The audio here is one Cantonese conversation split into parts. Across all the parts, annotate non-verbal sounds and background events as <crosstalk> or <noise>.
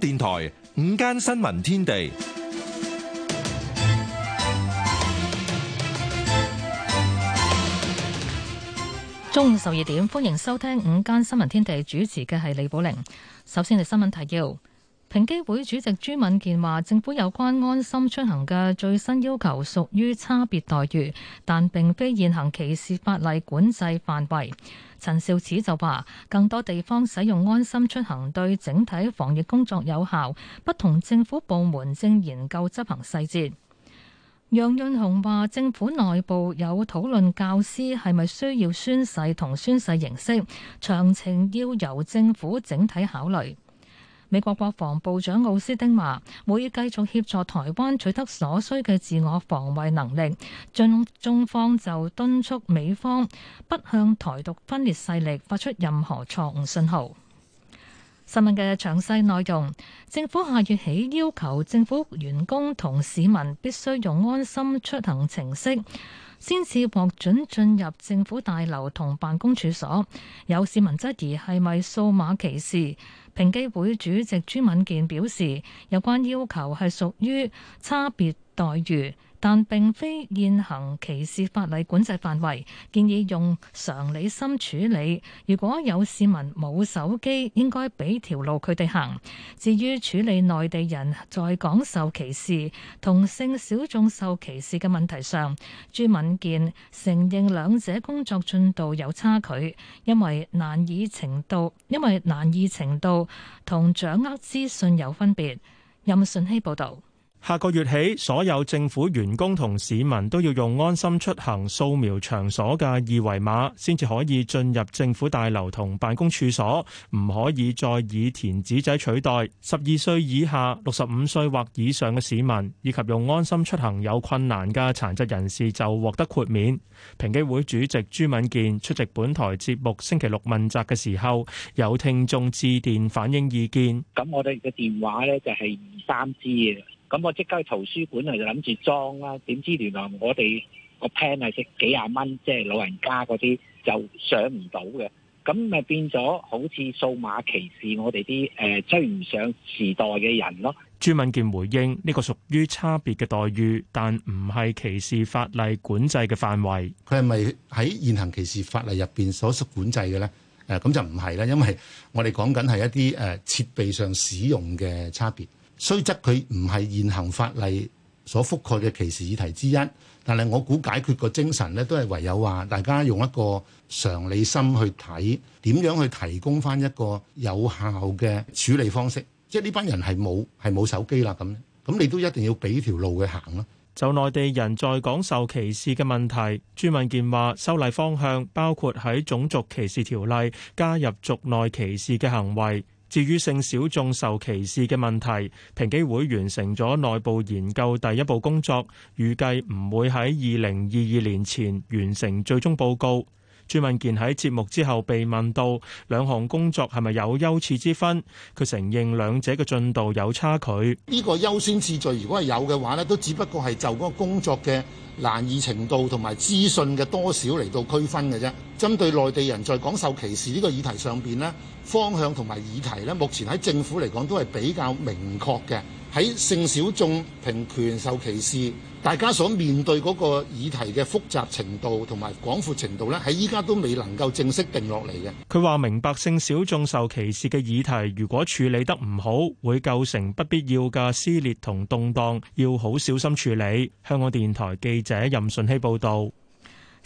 電台午間新聞天地，中午十二點，歡迎收聽午間新聞天地，主持嘅係李寶玲。首先係新聞提要。平機會主席朱敏健話：政府有關安心出行嘅最新要求屬於差別待遇，但並非現行歧視法例管制範圍。陳肇始就話：更多地方使用安心出行對整體防疫工作有效，不同政府部門正研究執行細節。楊潤雄話：政府內部有討論教師係咪需要宣誓同宣誓形式，詳情要由政府整體考慮。美國國防部長奧斯丁話：會繼續協助台灣取得所需嘅自我防衛能力。中中方就敦促美方不向台獨分裂勢力發出任何錯誤信號。新聞嘅詳細內容，政府下月起要求政府員工同市民必須用安心出行程式，先至獲准進入政府大樓同辦公處所。有市民質疑係咪數碼歧視？平機會主席朱敏健表示，有關要求係屬於差別待遇。但並非現行歧視法例管制範圍，建議用常理心處理。如果有市民冇手機應該俾條路佢哋行。至於處理內地人在港受歧視同性小眾受歧視嘅問題上，朱敏健承認兩者工作進度有差距，因為難以程度因為難以程度同掌握資訊有分別。任順希報道。下個月起，所有政府員工同市民都要用安心出行掃描場所嘅二維碼，先至可以進入政府大樓同辦公處所。唔可以再以填紙仔取代。十二歲以下、六十五歲或以上嘅市民，以及用安心出行有困難嘅殘疾人士，就獲得豁免。平機會主席朱敏健出席本台節目星期六問責嘅時候，有聽眾致電反映意見。咁我哋嘅電話咧就係三支嘅。咁我即刻去圖書館啊，就諗住裝啦，點知原來我哋個 plan 係值幾廿蚊，即係老人家嗰啲就上唔到嘅。咁咪變咗好似數碼歧視我哋啲誒追唔上時代嘅人咯。朱敏健回應：呢、這個屬於差別嘅待遇，但唔係歧視法例管制嘅範圍。佢係咪喺現行歧視法例入邊所屬管制嘅咧？誒、啊，咁就唔係啦，因為我哋講緊係一啲誒、呃、設備上使用嘅差別。雖則佢唔係現行法例所覆蓋嘅歧視議題之一，但係我估解決個精神咧，都係唯有話大家用一個常理心去睇，點樣去提供翻一個有效嘅處理方式。即係呢班人係冇係冇手機啦，咁咁你都一定要俾條路佢行啦。就內地人在港受歧視嘅問題，朱敏健話修例方向包括喺種族歧視條例加入族內歧視嘅行為。至於性少眾受歧視嘅問題，平機會完成咗內部研究第一步工作，預計唔會喺二零二二年前完成最終報告。朱文健喺節目之後被問到兩項工作係咪有優次之分？佢承認兩者嘅進度有差距。呢個優先次序如果係有嘅話呢，都只不過係就嗰個工作嘅難易程度同埋資訊嘅多少嚟到區分嘅啫。針對內地人在講受歧視呢個議題上邊呢，方向同埋議題呢，目前喺政府嚟講都係比較明確嘅。喺性小眾平權受歧視，大家所面對嗰個議題嘅複雜程度同埋廣闊程度呢，喺依家都未能夠正式定落嚟嘅。佢話：明白性小眾受歧視嘅議題，如果處理得唔好，會構成不必要嘅撕裂同動盪，要好小心處理。香港電台記者任順希報導。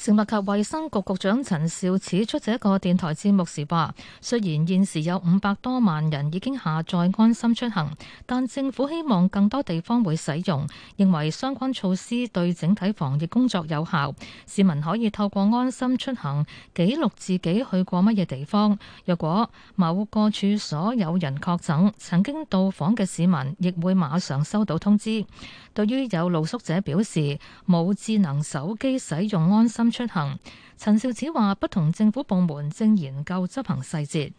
食物及衛生局局長陳肇始出席一個電台節目時話，雖然現時有五百多萬人已經下載安心出行，但政府希望更多地方會使用，認為相關措施對整體防疫工作有效。市民可以透過安心出行記錄自己去過乜嘢地方。若果某個處所有人確診，曾經到訪嘅市民亦會馬上收到通知。對於有露宿者表示，冇智能手機使用安心出行，陳肇始話不同政府部門正研究執行細節。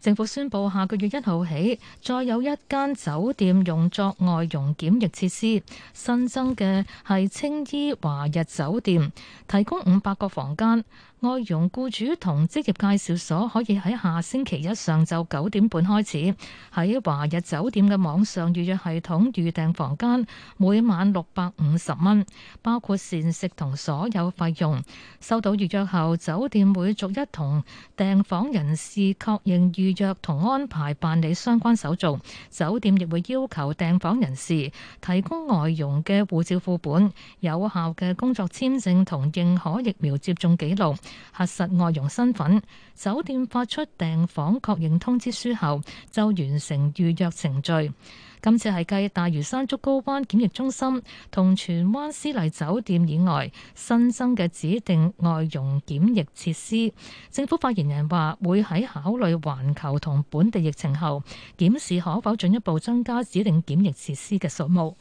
政府宣布下個月一號起，再有一間酒店用作外傭檢疫設施，新增嘅係青衣華日酒店，提供五百個房間。外傭僱主同職業介紹所可以喺下星期一上晝九點半開始喺華日酒店嘅網上預約系統預訂房間，每晚六百五十蚊，包括膳食同所有費用。收到預約後，酒店會逐一同訂房人士確認預約同安排辦理相關手續。酒店亦會要求訂房人士提供外傭嘅護照副本、有效嘅工作簽證同認可疫苗接種記錄。核實外傭身份，酒店發出訂房確認通知書後就完成預約程序。今次係繼大嶼山竹篙灣檢疫中心同荃灣絲麗酒店以外新增嘅指定外傭檢疫設施。政府發言人話會喺考慮環球同本地疫情後，檢視可否進一步增加指定檢疫設施嘅數目。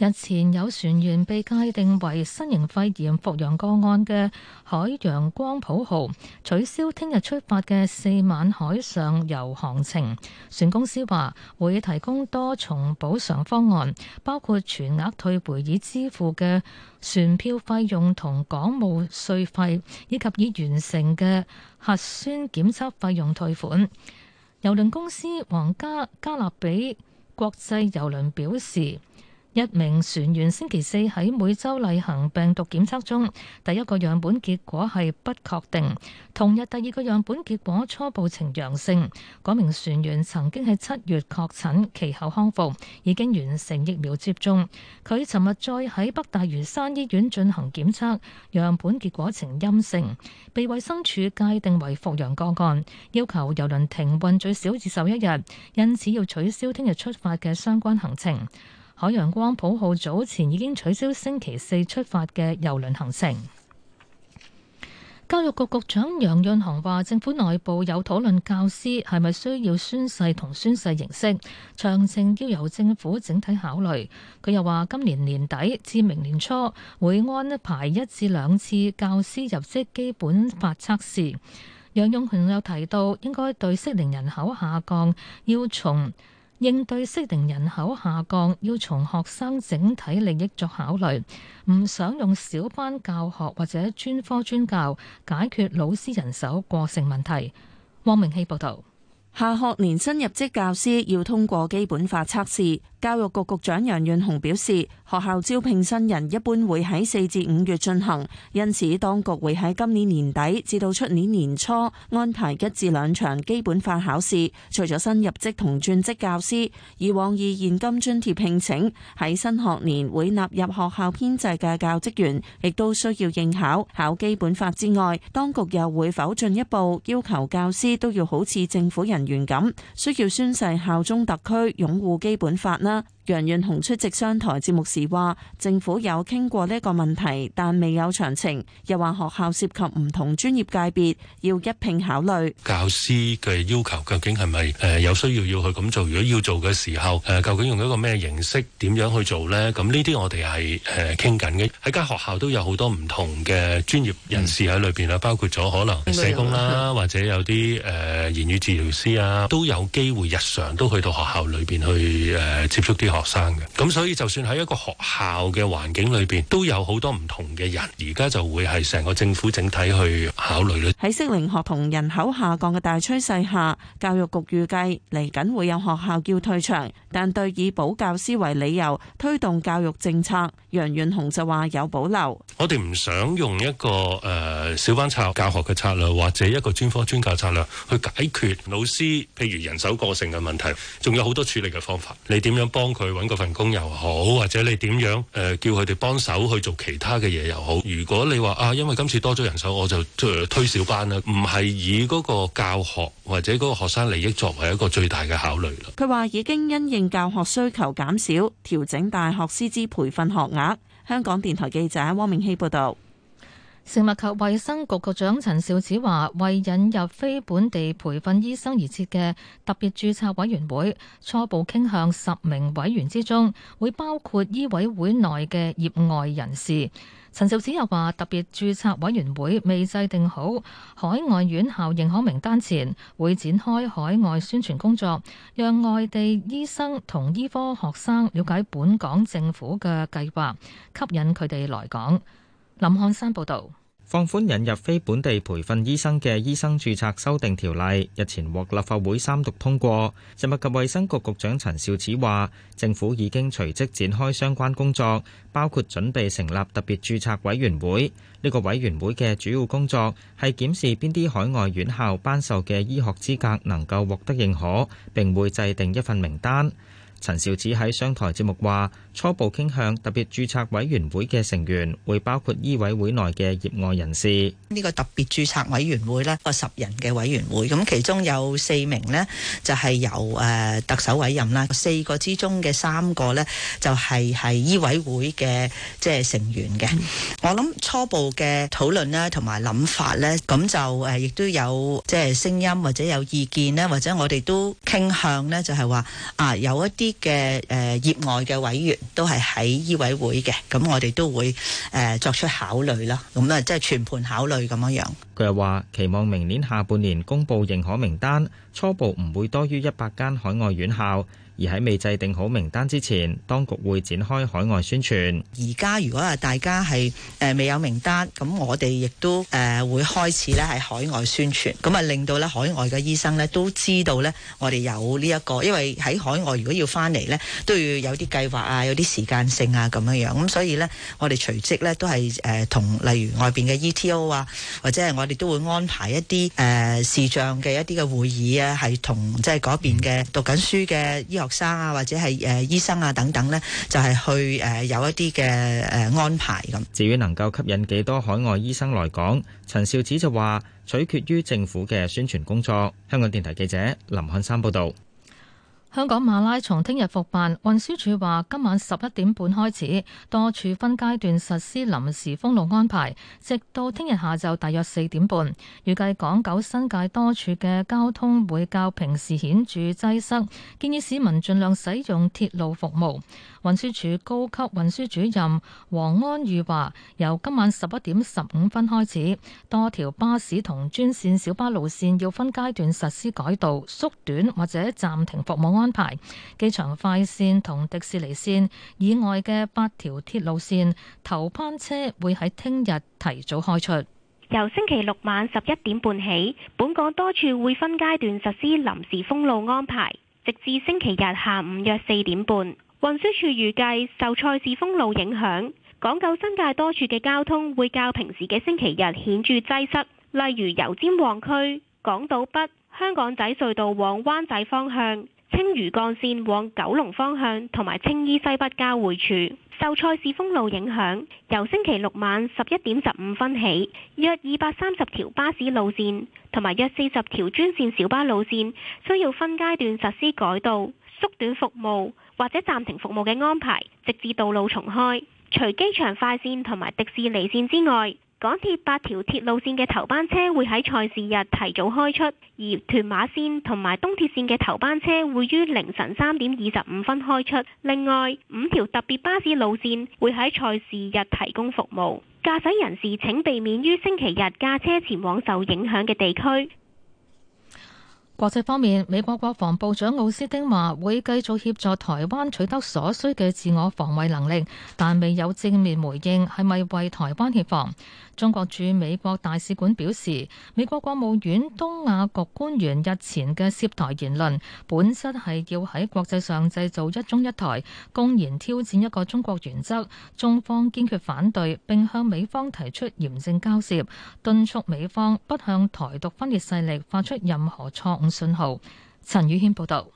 日前有船員被界定為新型肺炎復陽個案嘅海洋光譜號取消聽日出發嘅四晚海上遊航程。船公司話會提供多重補償方案，包括全額退回已支付嘅船票費用同港務稅費，以及已完成嘅核酸檢測費用退款。郵輪公司皇家加勒比國際郵輪表示。一名船員星期四喺每周例行病毒檢測中，第一個樣本結果係不確定。同日第二個樣本結果初步呈陽性。嗰名船員曾經喺七月確診，其後康復，已經完成疫苗接種。佢尋日再喺北大嶼山醫院進行檢測，樣本結果呈陰性，被衛生署界定為復陽個案，要求遊輪停運最少至十一日，因此要取消聽日出發嘅相關行程。海洋光譜號早前已經取消星期四出發嘅郵輪行程。教育局局長楊潤雄話：政府內部有討論教師係咪需要宣誓同宣誓形式，詳情要由政府整體考慮。佢又話：今年年底至明年初會安排一至兩次教師入職基本法測試。楊潤雄又提到應該對適齡人口下降要從。應對適齡人口下降，要從學生整體利益作考慮，唔想用小班教學或者專科專教解決老師人手過剩問題。汪明熙報導。下學年新入職教師要通過基本法測試。教育局局長楊潤雄表示，學校招聘新人一般會喺四至五月進行，因此當局會喺今年年底至到出年年初安排一至兩場基本法考試。除咗新入職同轉職教師，以往以現金津貼聘請喺新學年會納入學校編制嘅教職員，亦都需要應考考基本法之外，當局又會否進一步要求教師都要好似政府人人員咁，需要宣誓效忠特區、擁護基本法啦。楊潤雄出席商台節目時話，政府有傾過呢個問題，但未有詳情。又話學校涉及唔同專業界別，要一並考慮。教師嘅要求究竟係咪誒有需要要去咁做？如果要做嘅時候，誒究竟用一個咩形式，點樣去做咧？咁呢啲我哋係誒傾緊嘅。喺間學校都有好多唔同嘅專業人士喺裏邊啊，嗯、包括咗可能社工啦，或者有啲誒言語治療師啊，都有機會日常都去到學校裏邊去誒接觸啲學。學生嘅，咁所以就算喺一個學校嘅環境裏邊，都有好多唔同嘅人。而家就會係成個政府整體去考慮咧。喺適齡學童人口下降嘅大趨勢下，教育局預計嚟緊會有學校要退場，但對以保教師為理由推動教育政策，楊潤雄就話有保留。我哋唔想用一個誒小班策教學嘅策略，或者一個專科專教策略去解決老師譬如人手過剩嘅問題，仲有好多處理嘅方法。你點樣幫佢？去搵份工又好，或者你點樣誒、呃、叫佢哋幫手去做其他嘅嘢又好。如果你話啊，因為今次多咗人手，我就、呃、推小班啦，唔係以嗰個教學或者嗰個學生利益作為一個最大嘅考慮。佢話已經因應教學需求減少，調整大學師資培訓學額。香港電台記者汪明希報道。食物及衛生局局長陳肇始話：為引入非本地培訓醫生而設嘅特別註冊委員會，初步傾向十名委員之中會包括醫委會內嘅業外人士。陳肇始又話：特別註冊委員會未制定好海外院校認可名單前，會展開海外宣傳工作，讓外地醫生同醫科學生了解本港政府嘅計劃，吸引佢哋來港。林漢山報道，放寬引入非本地培訓醫生嘅醫生註冊修訂條例，日前獲立法會三讀通過。食物及衛生局局長陳肇始話，政府已經隨即展開相關工作，包括準備成立特別註冊委員會。呢個委員會嘅主要工作係檢視邊啲海外院校頒授嘅醫學資格能夠獲得認可，並會制定一份名單。陳肇始喺商台節目話。初步傾向，特別註冊委員會嘅成員會包括醫委會內嘅業外人士。呢個特別註冊委員會呢，有十人嘅委員會，咁其中有四名呢，就係由誒特首委任啦。四個之中嘅三個呢，就係係醫委會嘅即係成員嘅。 <laughs> 我諗初步嘅討論咧同埋諗法呢，咁就誒亦都有即係聲音或者有意見咧，或者我哋都傾向呢，就係話啊有一啲嘅誒業外嘅委員。都係喺醫委會嘅，咁我哋都會誒、呃、作出考慮啦。咁呢，即係全盤考慮咁樣樣。佢又話期望明年下半年公布認可名單，初步唔會多於一百間海外院校。而喺未制定好名單之前，當局會展開海外宣傳，而家如果係大家係誒未有名單，咁我哋亦都誒會開始咧喺海外宣傳，咁啊令到咧海外嘅醫生咧都知道咧，我哋有呢、這、一個，因為喺海外如果要翻嚟咧，都要有啲計劃啊，有啲時間性啊咁樣樣，咁所以咧，我哋隨即咧都係誒同例如外邊嘅 ETO 啊，或者係我哋都會安排一啲誒、呃、視像嘅一啲嘅會議啊，係同即係嗰邊嘅讀緊書嘅醫學。學生啊，或者係誒醫生啊等等呢，就係去誒有一啲嘅誒安排咁。至於能夠吸引幾多海外醫生來港，陳肇始就話取決於政府嘅宣傳工作。香港電台記者林漢山報道。香港馬拉松聽日復辦，運輸署話今晚十一點半開始，多處分階段實施臨時封路安排，直到聽日下晝大約四點半。預計港九新界多處嘅交通會較平時顯著擠塞，建議市民盡量使用鐵路服務。運輸署高級運輸主任黃安宇話，由今晚十一點十五分開始，多條巴士同專線小巴路線要分階段實施改道、縮短或者暫停服務安排。機場快線同迪士尼線以外嘅八條鐵路線頭班車會喺聽日提早開出。由星期六晚十一點半起，本港多處會分階段實施臨時封路安排，直至星期日下午約四點半。運輸署預計受賽事封路影響，港九新界多處嘅交通會較平時嘅星期日顯著擠塞，例如油尖旺區、港島北、香港仔隧道往灣仔方向、青嶼幹線往九龍方向，同埋青衣西北交匯處。受賽事封路影響，由星期六晚十一點十五分起，約二百三十條巴士路線同埋約四十條專線小巴路線需要分階段實施改道，縮短服務。或者暫停服務嘅安排，直至道路重開，除機場快線同埋迪士尼線之外，港鐵八條鐵路線嘅頭班車會喺賽事日提早開出，而屯馬線同埋東鐵線嘅頭班車會於凌晨三點二十五分開出。另外，五條特別巴士路線會喺賽事日提供服務，駕駛人士請避免於星期日駕車前往受影響嘅地區。國際方面，美國國防部長奧斯丁話會繼續協助台灣取得所需嘅自我防衛能力，但未有正面回應係咪為台灣協防。中國駐美國大使館表示，美國國務院東亞局官員日前嘅涉台言論，本身係要喺國際上製造一中一台，公然挑戰一個中國原則，中方堅決反對，並向美方提出嚴正交涉，敦促美方不向台獨分裂勢力發出任何錯誤信號。陳宇軒報道，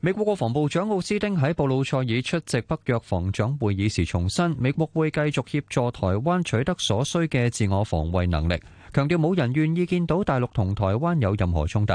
美國國防部長奧斯汀喺布魯塞爾出席北約防長會議時重申，美國會繼續協助台灣取得所需嘅自我防衛能力，強調冇人願意見到大陸同台灣有任何衝突。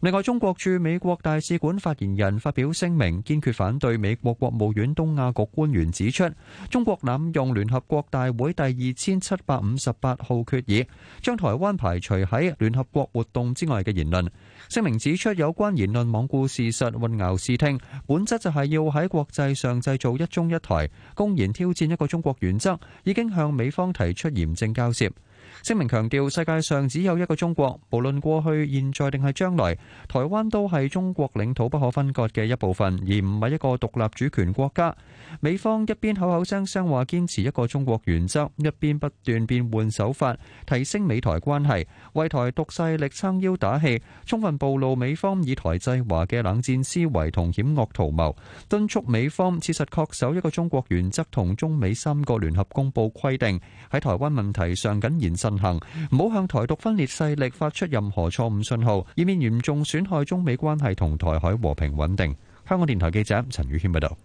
另外，中國駐美國大使館發言人發表聲明，堅決反對美國國務院東亞局官員指出，中國濫用聯合國大會第二千七百五十八號決議，將台灣排除喺聯合國活動之外嘅言論。聲明指出，有關言論罔顧事實，混淆視聽，本質就係要喺國際上製造一中一台，公然挑戰一個中國原則，已經向美方提出嚴正交涉。聲明強調，世界上只有一個中國，無論過去、現在定係將來，台灣都係中國領土不可分割嘅一部分，而唔係一個獨立主權國家。美方一邊口口聲聲話堅持一個中國原則，一邊不斷變換手法，提升美台關係，為台獨勢力撐腰打氣，充分暴露美方以台制華嘅冷戰思維同險惡圖謀。敦促美方切實恪守一個中國原則同中美三個聯合公報規定，喺台灣問題上謹言慎行。行，唔好向台獨分裂勢力發出任何錯誤信號，以免嚴重損害中美關係同台海和平穩定。香港電台記者陳宇謙報道。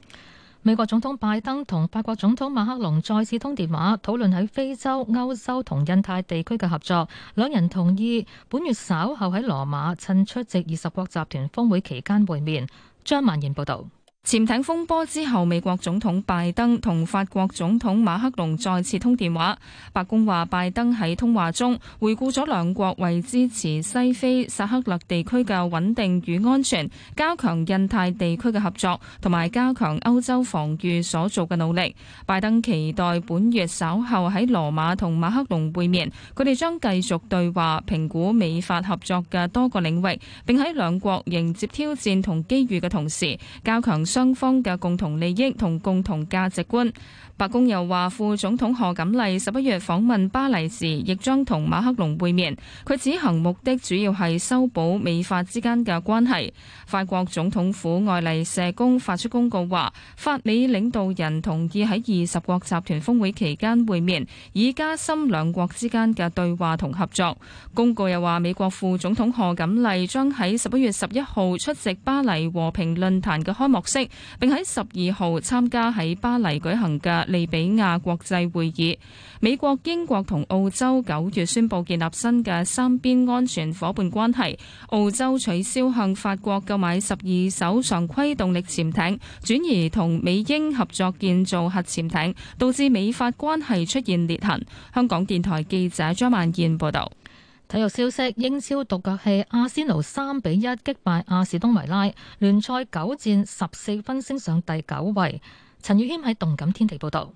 美國總統拜登同法國總統馬克龍再次通電話，討論喺非洲、歐洲同印太地區嘅合作。兩人同意本月稍後喺羅馬趁出席二十國集團峰會期間會面。張曼然報道。潛艇風波之後，美國總統拜登同法國總統馬克龍再次通電話。白宮話，拜登喺通話中回顧咗兩國為支持西非薩赫勒地區嘅穩定與安全、加強印太地區嘅合作同埋加強歐洲防禦所做嘅努力。拜登期待本月稍後喺羅馬同馬克龍會面，佢哋將繼續對話，評估美法合作嘅多個領域，並喺兩國迎接挑戰同機遇嘅同時加強雙方嘅共同利益同共同價值觀。白宮又話，副總統賀錦麗十一月訪問巴黎時，亦將同馬克龍會面。佢此行目的主要係修補美法之間嘅關係。法國總統府愛麗舍宮發出公告話，法美領導人同意喺二十國集團峰會期間會面，以加深兩國之間嘅對話同合作。公告又話，美國副總統賀錦麗將喺十一月十一號出席巴黎和平論壇嘅開幕式。並喺十二號參加喺巴黎舉行嘅利比亞國際會議。美國、英國同澳洲九月宣布建立新嘅三邊安全伙伴關係。澳洲取消向法國購買十二艘常規動力潛艇，轉而同美英合作建造核潛艇，導致美法關係出現裂痕。香港電台記者張萬燕報道。體育消息：英超獨腳戲阿仙奴三比一擊敗阿士東維拉，聯賽九戰十四分，升上第九位。陳宇謙喺動感天地報道。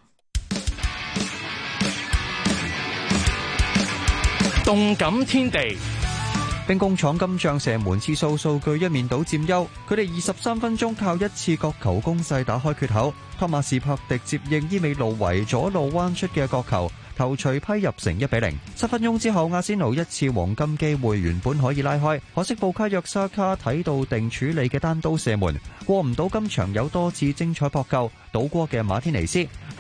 動感天地，天地兵工廠今仗射門次數數據一面倒佔優，佢哋二十三分鐘靠一次角球攻勢打開缺口，托馬斯柏迪接應伊美路維左路彎出嘅角球，球隨批入成一比零，七分鐘之後，阿仙奴一次黃金機會，原本可以拉開，可惜布卡約沙卡睇到定處理嘅單刀射門過唔到今場，有多次精彩撲救，倒戈嘅馬天尼斯。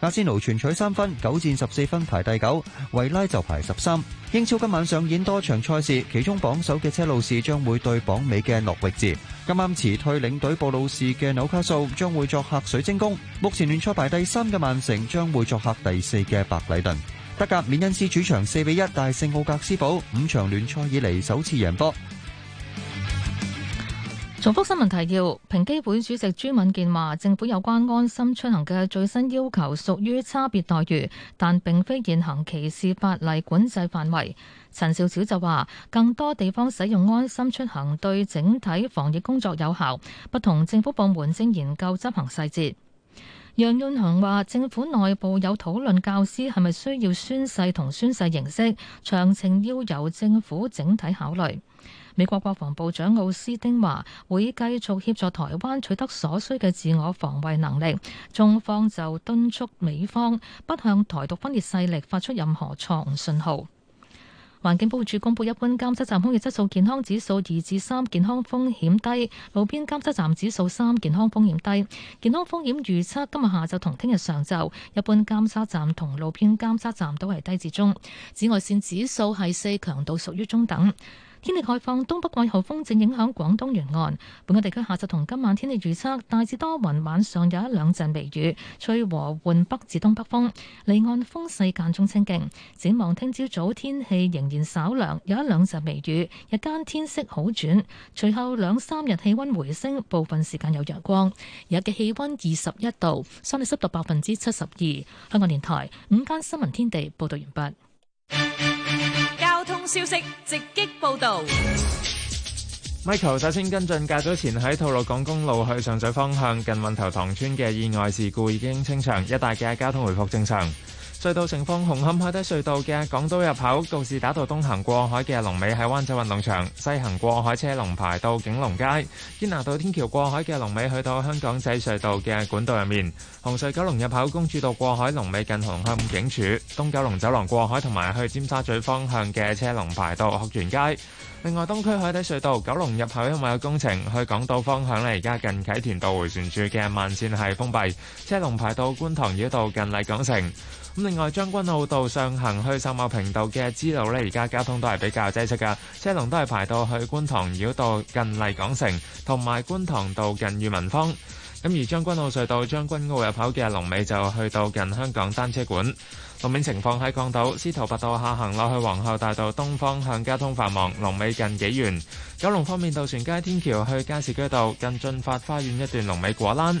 阿仙奴全取三分，九戰十四分排第九，維拉就排十三。英超今晚上演多場賽事，其中榜首嘅車路士將會對榜尾嘅諾域治。今晚辭退領隊布魯士嘅紐卡素將會作客水晶宮。目前聯賽排第三嘅曼城將會作客第四嘅白禮頓。德甲緬恩斯主場四比一大勝奧格斯堡，五場聯賽以嚟首次贏波。重複新聞提要，平機會主席朱敏健話，政府有關安心出行嘅最新要求屬於差別待遇，但並非現行歧視法例管制範圍。陳肇始就話，更多地方使用安心出行對整體防疫工作有效，不同政府部門正研究執行細節。楊潤雄話，政府內部有討論教師係咪需要宣誓同宣誓形式，詳情要由政府整體考慮。美國國防部長奧斯丁話：會繼續協助台灣取得所需嘅自我防衛能力。中方就敦促美方不向台獨分裂勢力發出任何錯誤信號。環境保護署公佈，一般監測站空氣質素健康指數二至三，健康風險低；路邊監測站指數三，健康風險低。健康風險預測今日下晝同聽日上晝，一般監測站同路邊監測站都係低至中。紫外線指數係四，強度屬於中等。天氣概況，東北季候風正影響廣東沿岸。本港地區下晝同今晚天氣預測大致多雲，晚上有一兩陣微雨，吹和緩北至東北風，離岸風勢間中清勁。展望聽朝早天氣仍然稍涼，有一兩陣微雨，日間天色好轉，隨後兩三日氣溫回升，部分時間有陽光。日嘅氣溫二十一度，相對濕度百分之七十二。香港電台午間新聞天地報道完畢。 <music> 消息直擊報道，Michael 首先跟進，較早前喺吐露港公路去上水方向近運頭塘村嘅意外事故已經清場，一帶嘅交通回復正常。隧道情況：紅磡海底隧道嘅港島入口，告士打道東行過海嘅龍尾喺灣仔運動場；西行過海車龍排到景隆街。堅拿道天橋過海嘅龍尾去到香港仔隧道嘅管道入面。紅隧九龍入口公主道過海龍尾近紅磡警署。東九龍走廊過海同埋去尖沙咀方向嘅車龍排到鶴園街。另外，東區海底隧道九龍入口因為有工程，去港島方向咧，而家近啟田道迴旋處嘅慢線係封閉，車龍排到觀塘繞道近麗港城。咁另外，將軍澳道上行去秀茂坪道嘅支路咧，而家交通都係比較擠塞噶，車龍都係排到去觀塘繞道近麗港城，同埋觀塘道近裕民坊。咁而將軍澳隧道將軍澳入口嘅龍尾就去到近香港單車館。路面情況喺港島，司徒拔道下行落去皇后大道東方向交通繁忙，龍尾近幾元；九龍方面，渡船街天橋去加士居道近駿發花園一段龍尾果欄；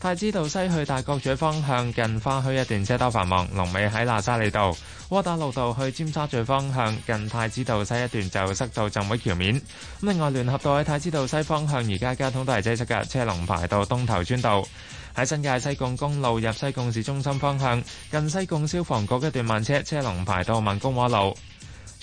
太子道西去大角咀方向近花墟一段車多繁忙，龍尾喺喇沙利道；窩打老道去尖沙咀方向近太子道西一段就塞到浸會橋面。咁另外，聯合道喺太子道西方向而家交通都係擠塞嘅，車龍排到東頭村道。喺新界西貢公路入西貢市中心方向，近西貢消防局一段慢車車龍排到孟公屋路。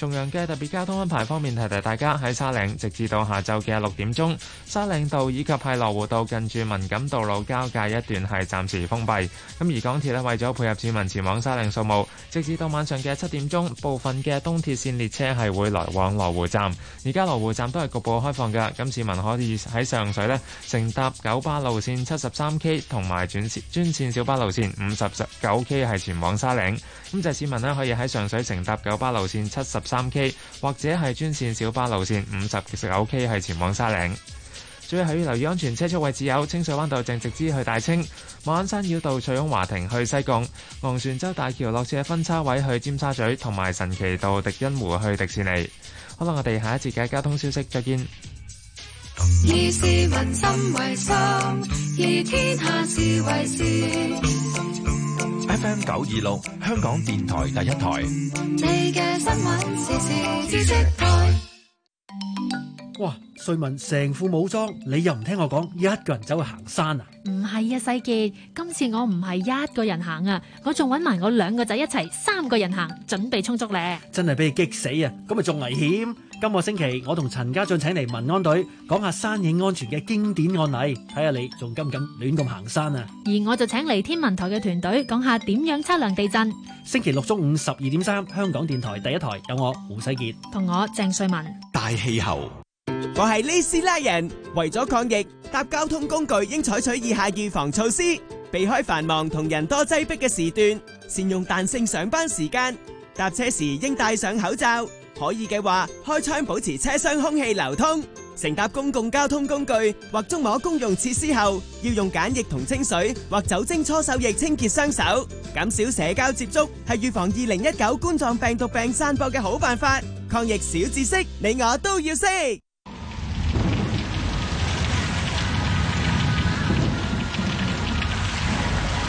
重陽嘅特別交通安排方面，提提大家喺沙嶺，直至到下晝嘅六點鐘，沙嶺道以及喺羅湖道近住敏感道路交界一段係暫時封閉。咁而港鐵咧為咗配合市民前往沙嶺掃墓，直至到晚上嘅七點鐘，部分嘅東鐵線列車係會來往羅湖站。而家羅湖站都係局部開放嘅，咁市民可以喺上水咧乘搭九巴路線七十三 K 同埋轉線專線小巴路線五十九 K 係前往沙嶺。咁就市民呢可以喺上水乘搭九巴路線七十三 K 或者係專線小巴路線五十至十九 K 係前往沙嶺。最後要留意安全車速位置有清水灣道正直支去大清、馬鞍山繞道翠擁華庭去西貢、昂船洲大橋落斜分叉位去尖沙咀同埋神奇道迪欣湖去迪士尼。好啦，我哋下一節嘅交通消息再見。以市民心為心，以天下事為事。FM 九二六，26，香港電台第一台。哇！瑞文成副武裝，你又唔聽我講，一個人走去行山啊？唔係啊，世杰，今次我唔係一個人行啊，我仲揾埋我兩個仔一齊，三個人行，準備充足咧。真係俾你激死啊！咁咪仲危險。今個星期我同陳家俊請嚟民安隊講下山影安全嘅經典案例，睇下你仲敢唔敢亂咁行山啊？而我就請嚟天文台嘅團隊講下點樣測量地震。星期六中午十二點三，香港電台第一台有我胡世杰同我鄭瑞文大氣候。我係李斯拉人，為咗抗疫，搭交通工具應採取以下預防措施：避開繁忙同人多擠迫嘅時段，善用彈性上班時間。搭車時應戴上口罩，可以嘅話開窗保持車廂空氣流通。乘搭公共交通工具或觸摸公用設施後，要用梘液同清水或酒精搓手液清潔雙手。減少社交接觸係預防二零一九冠狀病毒病散播嘅好辦法。抗疫小知識，你我都要識。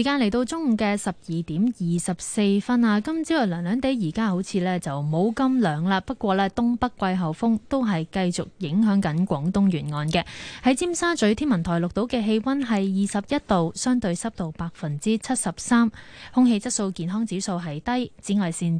時間嚟到中午嘅十二點二十四分啊！今朝啊涼涼哋而家好似咧，就冇咁涼啦。不過咧，東北季候風都係繼續影響緊廣東沿岸嘅。喺尖沙咀天文台錄到嘅氣溫係二十一度，相對濕度百分之七十三，空氣質素健康指數係低，紫外線。